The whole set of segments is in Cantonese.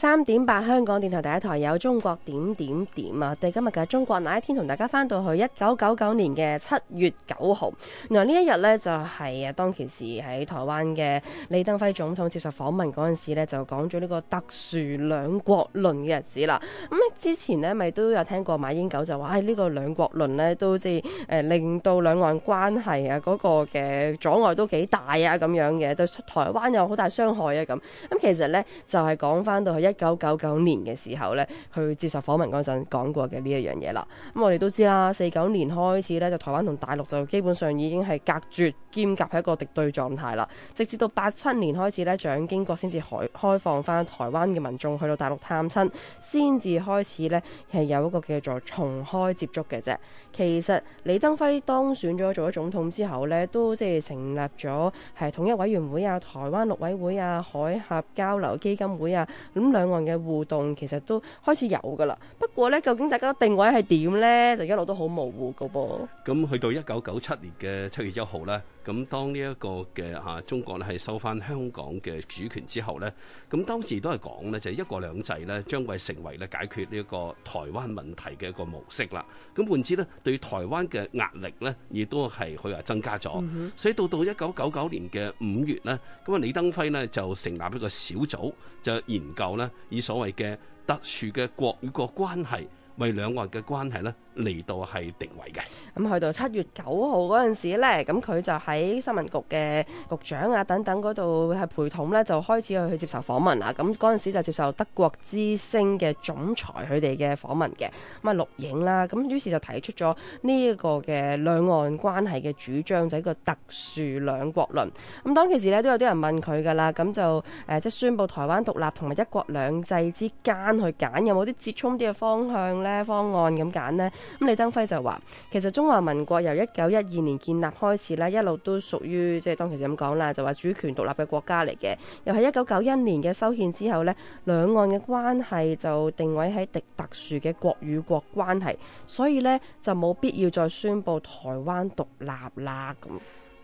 三點八，8, 香港電台第一台有《中國點點點》啊！我哋今日嘅《中國那一天》同大家翻到去一九九九年嘅七月九號。原來呢一日呢就係、是、啊當其時喺台灣嘅李登輝總統接受訪問嗰陣時呢，就講咗呢個特殊兩國論嘅日子啦。咁、嗯、之前呢咪都有聽過馬英九就話，呢、哎這個兩國論呢都好似、呃、令到兩岸關係啊嗰、那個嘅阻礙都幾大啊咁樣嘅，對台灣有好大傷害啊咁。咁、嗯、其實呢就係、是、講翻到去一一九九九年嘅時候呢，佢接受訪問嗰陣講過嘅呢一樣嘢啦。咁我哋都知啦，四九年開始呢，就台灣同大陸就基本上已經係隔絕兼夾係一個敵對狀態啦。直至到八七年開始呢，蔣經國先至開開放翻台灣嘅民眾去到大陸探親，先至開始呢，係有一個叫做重開接觸嘅啫。其實李登輝當選咗做咗總統之後呢，都即係成立咗係統一委員會啊、台灣陸委會啊、海峽交流基金會啊，兩岸嘅互動其實都開始有㗎喇，不過呢，究竟大家定位係點呢？就一路都好模糊㗎噃。咁去到一九九七年嘅七月一號呢。咁當呢一個嘅、啊、中國係收翻香港嘅主權之後呢，咁當時都係講呢，就係一國兩制呢將會成為咧解決呢一個台灣問題嘅一個模式啦。咁換之呢，對台灣嘅壓力呢，亦都係佢話增加咗。嗯、哼所以到到一九九九年嘅五月呢，咁啊李登輝呢，就成立一個小組，就研究呢，以所謂嘅特殊嘅國與國關係為兩岸嘅關係呢。嚟到係定位嘅。咁去到七月九號嗰陣時呢，咁佢就喺新聞局嘅局長啊等等嗰度係陪同呢，就開始去接受訪問啦。咁嗰陣時就接受德國之聲嘅總裁佢哋嘅訪問嘅，咁啊錄影啦。咁於是就提出咗呢一個嘅兩岸關係嘅主張，就係、是、一個特殊兩國論。咁當其時呢，都有啲人問佢㗎啦，咁就誒即係宣布台灣獨立同埋一國兩制之間去揀，有冇啲折衷啲嘅方向呢？方案咁揀呢。咁李登輝就話：其實中華民國由一九一二年建立開始啦，一路都屬於即係當其時咁講啦，就話主權獨立嘅國家嚟嘅。又喺一九九一年嘅修憲之後呢，兩岸嘅關係就定位喺特特殊嘅國與國關係，所以呢，就冇必要再宣佈台灣獨立啦咁。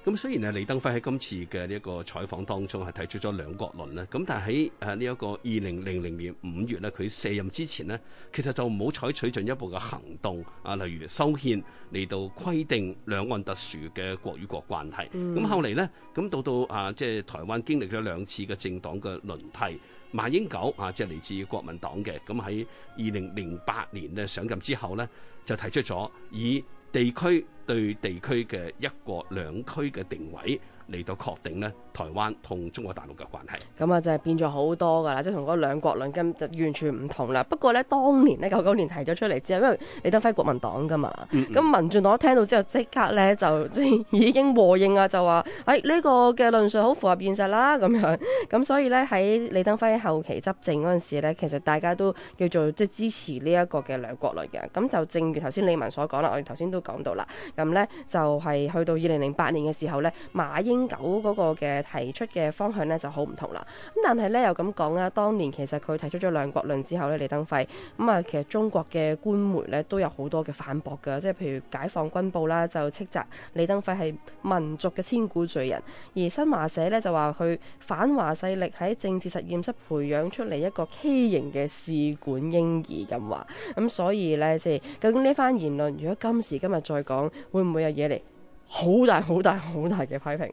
咁雖然啊，李登輝喺今次嘅呢一個採訪當中係提出咗兩國論咧，咁但係喺呢一個二零零零年五月咧，佢卸任之前呢，其實就冇採取進一步嘅行動啊，例如修憲嚟到規定兩岸特殊嘅國與國關係。咁、嗯、後嚟呢，咁到到啊，即係台灣經歷咗兩次嘅政黨嘅輪替，馬英九啊，即係嚟自國民黨嘅，咁喺二零零八年呢上任之後呢，就提出咗以地區對地區嘅一國兩區嘅定位嚟到確定呢，台灣同中國大陸嘅關係，咁啊就係變咗好多噶啦，即係同嗰兩國論就完全唔同啦。不過呢，當年呢，九九年提咗出嚟之後，因為李登輝國民黨噶嘛，咁、嗯嗯、民進黨聽到之後即刻呢，就即已經和應啊，就話哎，呢個嘅論述好符合現實啦咁樣。咁所以呢，喺李登輝後期執政嗰陣時呢，其實大家都叫做即係支持呢一個嘅兩國論嘅。咁就正如頭先李文所講啦，我哋頭先都講到啦。咁呢，就係去到二零零八年嘅時候呢，馬英九嗰個嘅提出嘅方向呢，就好唔同啦。咁但係呢，又咁講啊，當年其實佢提出咗兩國論之後呢，李登輝咁啊、嗯，其實中國嘅官媒呢，都有好多嘅反駁㗎，即係譬如《解放軍報》啦，就斥責李登輝係民族嘅千古罪人，而新華社呢，就話佢反華勢力喺政治實驗室培養出嚟一個畸形嘅試管嬰兒咁話。咁、嗯、所以呢，即係究竟呢番言論，如果今時今日再講，會唔會有嘢嚟？好大、好大、好大嘅批評。